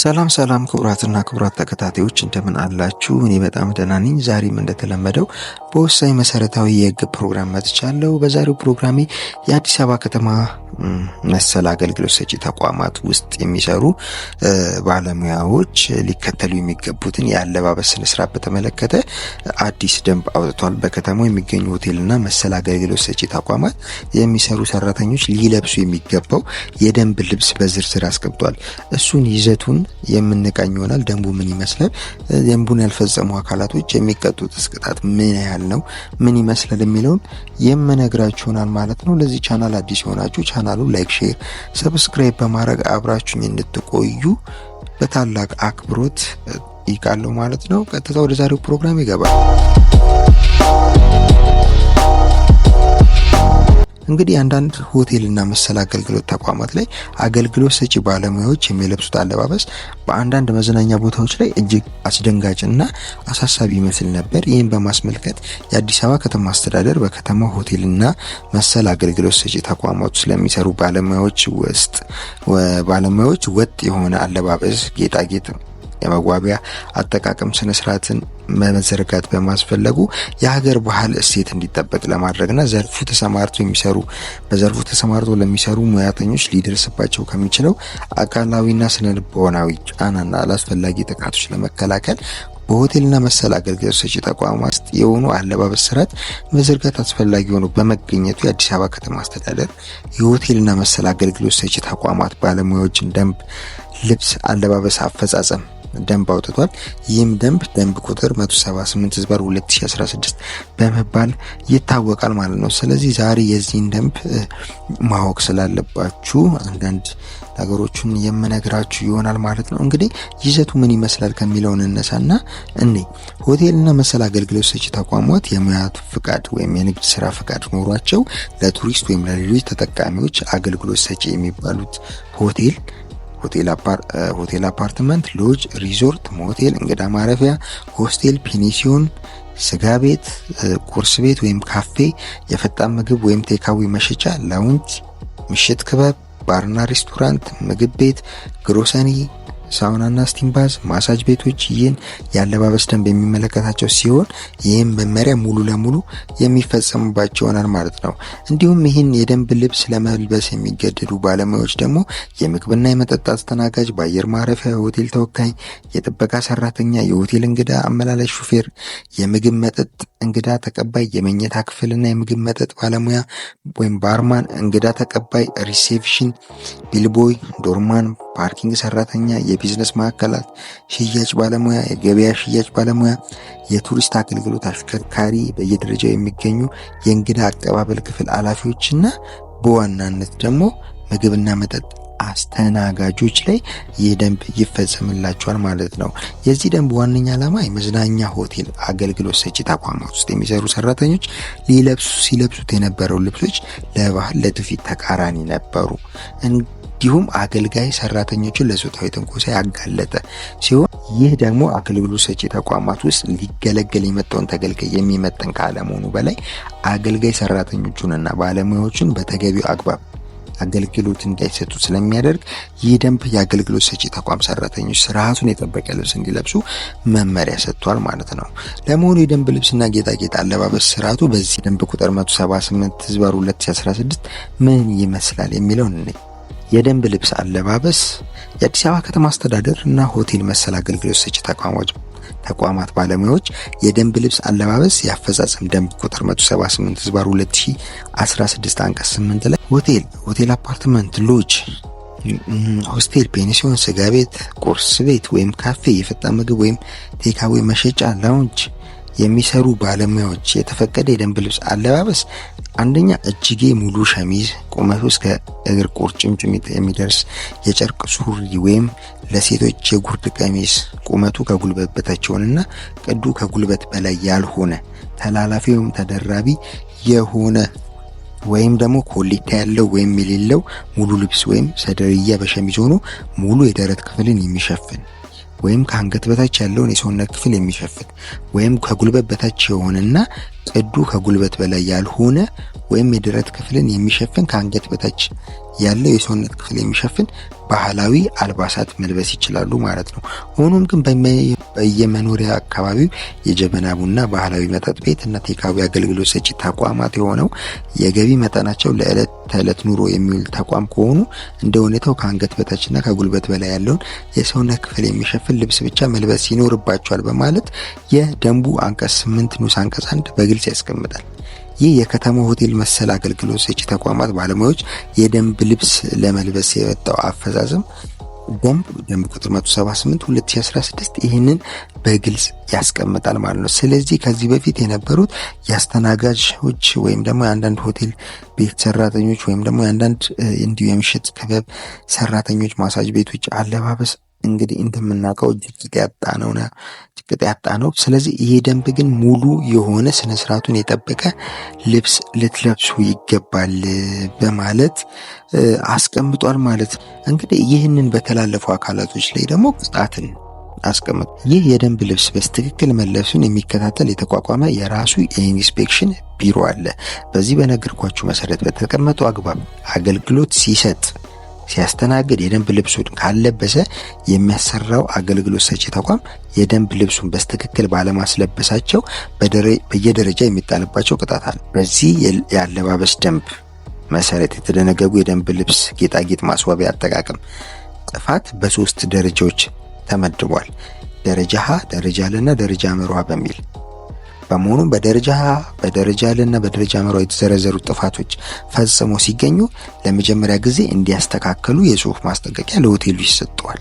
ሰላም ሰላም ክቡራትና ክቡራት ተከታታዮች እንደምን አላችሁ? እኔ በጣም ደህና ነኝ። ዛሬም እንደተለመደው በወሳኝ መሰረታዊ የህግ ፕሮግራም መጥቻለሁ። በዛሬው ፕሮግራሜ የአዲስ አበባ ከተማ መሰል አገልግሎት ሰጪ ተቋማት ውስጥ የሚሰሩ ባለሙያዎች ሊከተሉ የሚገቡትን የአለባበስ ስነ በተመለከተ አዲስ ደንብ አውጥቷል። በከተማው የሚገኙ ሆቴልና መሰል አገልግሎት ሰጪ ተቋማት የሚሰሩ ሰራተኞች ሊለብሱ የሚገባው የደንብ ልብስ በዝርዝር አስገብቷል። እሱን ይዘቱን የምንቃኝ ይሆናል። ደንቡ ምን ይመስላል፣ ደንቡን ያልፈጸሙ አካላቶች የሚቀጡት ቅጣት ምን ያህል ነው፣ ምን ይመስላል የሚለውን የምነግራችሁ ይሆናል ማለት ነው። ለዚህ ቻናል አዲስ የሆናችሁ ቻናሉን ላይክ፣ ሼር፣ ሰብስክራይብ በማድረግ አብራችሁኝ እንድትቆዩ በታላቅ አክብሮት ይቃለሁ ማለት ነው። ቀጥታ ወደ ዛሬው ፕሮግራም ይገባል። እንግዲህ አንዳንድ ሆቴልና መሰል አገልግሎት ተቋማት ላይ አገልግሎት ሰጪ ባለሙያዎች የሚለብሱት አለባበስ በአንዳንድ መዝናኛ ቦታዎች ላይ እጅግ አስደንጋጭ እና አሳሳቢ ይመስል ነበር። ይህም በማስመልከት የአዲስ አበባ ከተማ አስተዳደር በከተማ ሆቴልና መሰል አገልግሎት ሰጪ ተቋማት ስለሚሰሩ ባለሙያዎች ውስጥ ባለሙያዎች ወጥ የሆነ አለባበስ፣ ጌጣጌጥ የመዋቢያ አጠቃቀም ስነ ስርዓትን መዘርጋት በማስፈለጉ የሀገር ባህል እሴት እንዲጠበቅ ለማድረግና ዘርፉ ተሰማርቶ የሚሰሩ በዘርፉ ተሰማርቶ ለሚሰሩ ሙያተኞች ሊደርስባቸው ከሚችለው አካላዊና ስነ ልቦናዊ ጫናና አላስፈላጊ ጥቃቶች ለመከላከል በሆቴልና መሰል አገልግሎት ሰጪ ተቋማት ውስጥ የሆኑ አለባበስ ስርዓት መዘርጋት አስፈላጊ ሆኖ በመገኘቱ የአዲስ አበባ ከተማ አስተዳደር የሆቴልና መሰል አገልግሎት ሰጪ ተቋማት ባለሙያዎችን ደንብ ልብስ አለባበስ አፈጻጸም ደንብ አውጥቷል። ይህም ደንብ ደንብ ቁጥር 178 ህዝባር 2016 በመባል ይታወቃል ማለት ነው። ስለዚህ ዛሬ የዚህን ደንብ ማወቅ ስላለባችሁ አንዳንድ ነገሮችን የምነግራችሁ ይሆናል ማለት ነው። እንግዲህ ይዘቱ ምን ይመስላል ከሚለው እንነሳና እኔ ሆቴልና መሰል አገልግሎት ሰጪ ተቋማት የሙያ ፍቃድ ወይም የንግድ ስራ ፍቃድ ኖሯቸው ለቱሪስት ወይም ለሌሎች ተጠቃሚዎች አገልግሎት ሰጪ የሚባሉት ሆቴል ሆቴል፣ አፓርትመንት፣ ሎጅ፣ ሪዞርት፣ ሞቴል፣ እንግዳ ማረፊያ፣ ሆስቴል፣ ፔኒሲዮን፣ ስጋ ቤት፣ ቁርስ ቤት ወይም ካፌ፣ የፈጣን ምግብ ወይም ቴካዊ መሸጫ፣ ላውንጅ፣ ምሽት ክበብ፣ ባርና ሬስቶራንት፣ ምግብ ቤት፣ ግሮሰኒ ሳውናና ስቲምባዝ ማሳጅ ቤቶች ይህን የአለባበስ ደንብ የሚመለከታቸው ሲሆን ይህም መመሪያ ሙሉ ለሙሉ የሚፈጸምባቸው ይሆናል ማለት ነው። እንዲሁም ይህን የደንብ ልብስ ለመልበስ የሚገደዱ ባለሙያዎች ደግሞ የምግብና የመጠጥ አስተናጋጅ፣ በአየር ማረፊያ የሆቴል ተወካይ፣ የጥበቃ ሰራተኛ፣ የሆቴል እንግዳ አመላላሽ ሹፌር፣ የምግብ መጠጥ እንግዳ ተቀባይ፣ የመኝታ ክፍልና የምግብ መጠጥ ባለሙያ ወይም ባርማን፣ እንግዳ ተቀባይ፣ ሪሴፕሽን ቢልቦይ፣ ዶርማን፣ ፓርኪንግ ሰራተኛ፣ የቢዝነስ ማዕከላት ሽያጭ ባለሙያ፣ የገበያ ሽያጭ ባለሙያ፣ የቱሪስት አገልግሎት አሽከርካሪ፣ በየደረጃው የሚገኙ የእንግዳ አቀባበል ክፍል ኃላፊዎችና በዋናነት ደግሞ ምግብና መጠጥ አስተናጋጆች ላይ ይህ ደንብ ይፈጸምላቸዋል ማለት ነው። የዚህ ደንብ ዋነኛ ዓላማ የመዝናኛ ሆቴል አገልግሎት ሰጪ ተቋማት ውስጥ የሚሰሩ ሰራተኞች ሊለብሱ ሲለብሱት የነበረው ልብሶች ለባህል ለትውፊት ተቃራኒ ነበሩ። እንዲሁም አገልጋይ ሰራተኞችን ለጾታዊ ትንኮሳ ያጋለጠ ሲሆን ይህ ደግሞ አገልግሎት ሰጪ ተቋማት ውስጥ ሊገለገል የመጣውን ተገልጋይ የሚመጥን ካለመሆኑ በላይ አገልጋይ ሰራተኞቹንና ባለሙያዎቹን በተገቢው አግባብ አገልግሎት እንዳይሰጡ ስለሚያደርግ ይህ ደንብ የአገልግሎት ሰጪ ተቋም ሰራተኞች ስርዓቱን የጠበቀ ልብስ እንዲለብሱ መመሪያ ሰጥቷል ማለት ነው። ለመሆኑ የደንብ ልብስና ጌጣጌጥ አለባበስ ስርዓቱ በዚህ ደንብ ቁጥር 178 ህዝባር 2016 ምን ይመስላል የሚለውን የደንብ ልብስ አለባበስ የአዲስ አበባ ከተማ አስተዳደር እና ሆቴል መሰል አገልግሎት ሰጪ ተቋማት ተቋማት ባለሙያዎች የደንብ ልብስ አለባበስ የአፈጻጸም ደንብ ቁጥር 178 ዝባር 2016 አንቀጽ 8 ላይ ሆቴል፣ ሆቴል አፓርትመንት፣ ሎጅ፣ ሆስቴል፣ ፔንሲዮን፣ ስጋ ቤት፣ ቁርስ ቤት ወይም ካፌ፣ የፈጣን ምግብ ወይም ቴካዌ መሸጫ፣ ላውንች፣ የሚሰሩ ባለሙያዎች የተፈቀደ የደንብ ልብስ አለባበስ አንደኛ እጅጌ ሙሉ ሸሚዝ ቁመቱ እስከ እግር ቁርጭምጭሚት የሚደርስ የጨርቅ ሱሪ ወይም ለሴቶች የጉርድ ቀሚስ ቁመቱ ከጉልበት በታቸውንና ቅዱ ከጉልበት በላይ ያልሆነ ተላላፊ ወይም ተደራቢ የሆነ ወይም ደግሞ ኮሌታ ያለው ወይም የሌለው ሙሉ ልብስ ወይም ሰደርያ በሸሚዝ ሆኖ ሙሉ የደረት ክፍልን የሚሸፍን ወይም ከአንገት በታች ያለውን የሰውነት ክፍል የሚሸፍን ወይም ከጉልበት በታች የሆነና ቅዱ ከጉልበት በላይ ያልሆነ ወይም የደረት ክፍልን የሚሸፍን ከአንገት በታች ያለው የሰውነት ክፍል የሚሸፍን ባህላዊ አልባሳት መልበስ ይችላሉ ማለት ነው። ሆኖም ግን በየመኖሪያ አካባቢው የጀበና ቡና ባህላዊ መጠጥ ቤት እና ቴካዊ አገልግሎት ሰጪ ተቋማት የሆነው የገቢ መጠናቸው ለዕለት ተዕለት ኑሮ የሚውል ተቋም ከሆኑ እንደ ሁኔታው ከአንገት በታችና ከጉልበት በላይ ያለውን የሰውነት ክፍል የሚሸፍን ልብስ ብቻ መልበስ ይኖርባቸዋል በማለት የደንቡ አንቀጽ ስምንት ንዑስ አንቀጽ አንድ በግልጽ ያስቀምጣል። ይህ የከተማ ሆቴል መሰል አገልግሎት ሰጪ ተቋማት ባለሙያዎች የደንብ ልብስ ለመልበስ የወጣው አፈዛዝም ደንብ ደንብ ቁጥር 178 2016 ይህንን በግልጽ ያስቀምጣል ማለት ነው። ስለዚህ ከዚህ በፊት የነበሩት የአስተናጋጆች ወይም ደግሞ የአንዳንድ ሆቴል ቤት ሰራተኞች ወይም ደግሞ የአንዳንድ እንዲሁ የምሽት ክበብ ሰራተኞች፣ ማሳጅ ቤቶች አለባበስ እንግዲህ እንደምናውቀው ጅቅጥ ያጣ ነው ጅቅጥ ያጣ ነው። ስለዚህ ይሄ ደንብ ግን ሙሉ የሆነ ስነ ስርዓቱን የጠበቀ ልብስ ልትለብሱ ይገባል በማለት አስቀምጧል ማለት ነው እንግዲህ ይህንን በተላለፉ አካላቶች ላይ ደግሞ ቅጣትን አስቀምጡ። ይህ የደንብ ልብስ በስትክክል መለብሱን የሚከታተል የተቋቋመ የራሱ የኢንስፔክሽን ቢሮ አለ። በዚህ በነገርኳችሁ መሰረት በተቀመጠው አግባብ አገልግሎት ሲሰጥ ሲያስተናግድ የደንብ ልብሱን ካልለበሰ የሚያሰራው አገልግሎት ሰጪ ተቋም የደንብ ልብሱን በስትክክል ባለማስለበሳቸው በየደረጃ የሚጣልባቸው ቅጣት አለ። በዚህ የአለባበስ ደንብ መሰረት የተደነገጉ የደንብ ልብስ ጌጣጌጥ፣ ማስዋቢያ አጠቃቀም ጥፋት በሶስት ደረጃዎች ተመድቧል። ደረጃ ሀ፣ ደረጃ ለና ደረጃ መርሃ በሚል በመሆኑም በደረጃ በደረጃ ልና በደረጃ መራው የተዘረዘሩ ጥፋቶች ፈጽሞ ሲገኙ ለመጀመሪያ ጊዜ እንዲያስተካከሉ የጽሁፍ ማስጠንቀቂያ ለሆቴሉ ይሰጠዋል።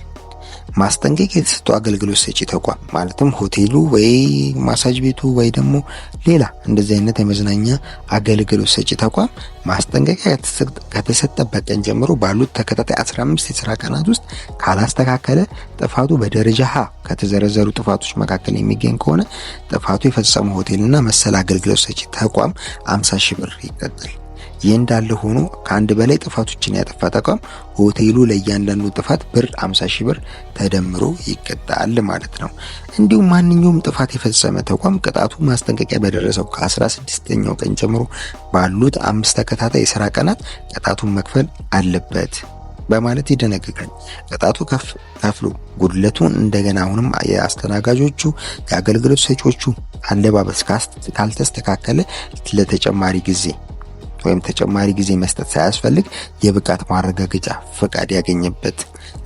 ማስጠንቀቂያ የተሰጠው አገልግሎት ሰጪ ተቋም ማለትም ሆቴሉ ወይ ማሳጅ ቤቱ ወይ ደግሞ ሌላ እንደዚህ አይነት የመዝናኛ አገልግሎት ሰጪ ተቋም ማስጠንቀቂያ ከተሰጠበት ቀን ጀምሮ ባሉት ተከታታይ 15 የስራ ቀናት ውስጥ ካላስተካከለ ጥፋቱ በደረጃ ሀ ከተዘረዘሩ ጥፋቶች መካከል የሚገኝ ከሆነ ጥፋቱ የፈጸመው ሆቴልና መሰል አገልግሎት ሰጪ ተቋም 50 ሺህ ብር ይቀጣል። ይህ እንዳለ ሆኖ ከአንድ በላይ ጥፋቶችን ያጠፋ ተቋም ሆቴሉ ለእያንዳንዱ ጥፋት ብር 50 ሺህ ብር ተደምሮ ይቀጣል ማለት ነው። እንዲሁም ማንኛውም ጥፋት የፈጸመ ተቋም ቅጣቱ ማስጠንቀቂያ በደረሰው ከ16ኛው ቀን ጀምሮ ባሉት አምስት ተከታታይ የስራ ቀናት ቅጣቱን መክፈል አለበት በማለት ይደነግጋል። ቅጣቱ ከፍሎ ጉድለቱን እንደገና አሁንም የአስተናጋጆቹ የአገልግሎት ሰጪዎቹ አለባበስ ካልተስተካከለ ለተጨማሪ ጊዜ ወይም ተጨማሪ ጊዜ መስጠት ሳያስፈልግ የብቃት ማረጋገጫ ፈቃድ ያገኘበት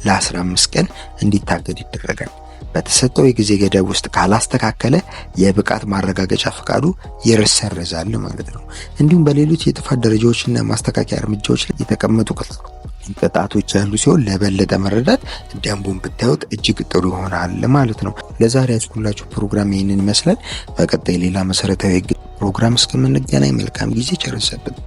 ለ15 ቀን እንዲታገድ ይደረጋል። በተሰጠው የጊዜ ገደብ ውስጥ ካላስተካከለ የብቃት ማረጋገጫ ፈቃዱ ይሰረዛል ማለት ነው። እንዲሁም በሌሎች የጥፋት ደረጃዎችና ማስተካከያ እርምጃዎች ላይ የተቀመጡ ቅጣቶች ያሉ ሲሆን ለበለጠ መረዳት ደንቡን ብታዩት እጅግ ጥሩ ይሆናል ማለት ነው። ለዛሬ ያስኩላችሁ ፕሮግራም ይህንን ይመስላል። በቀጣይ ሌላ መሰረታዊ ፕሮግራም እስከምንገናኝ መልካም ጊዜ ቸር ሰንብቱ።